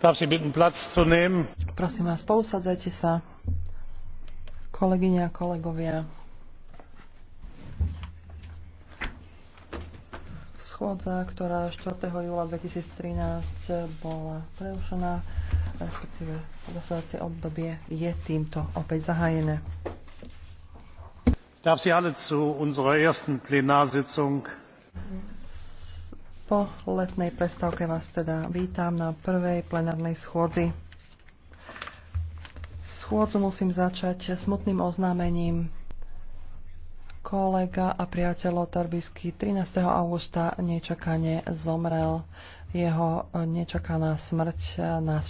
Prosím vás, pousadzajte sa, kolegyne a kolegovia. Schôdza, ktorá 4. júla 2013 bola prerušená, respektíve zasadacie obdobie je týmto opäť zahájené. Darf Sie alle zu unserer ersten Plenarsitzung po letnej prestávke vás teda vítam na prvej plenárnej schôdzi. Schôdzu musím začať smutným oznámením. Kolega a priateľ Tarbisky 13. augusta nečakane zomrel. Jeho nečakaná smrť nás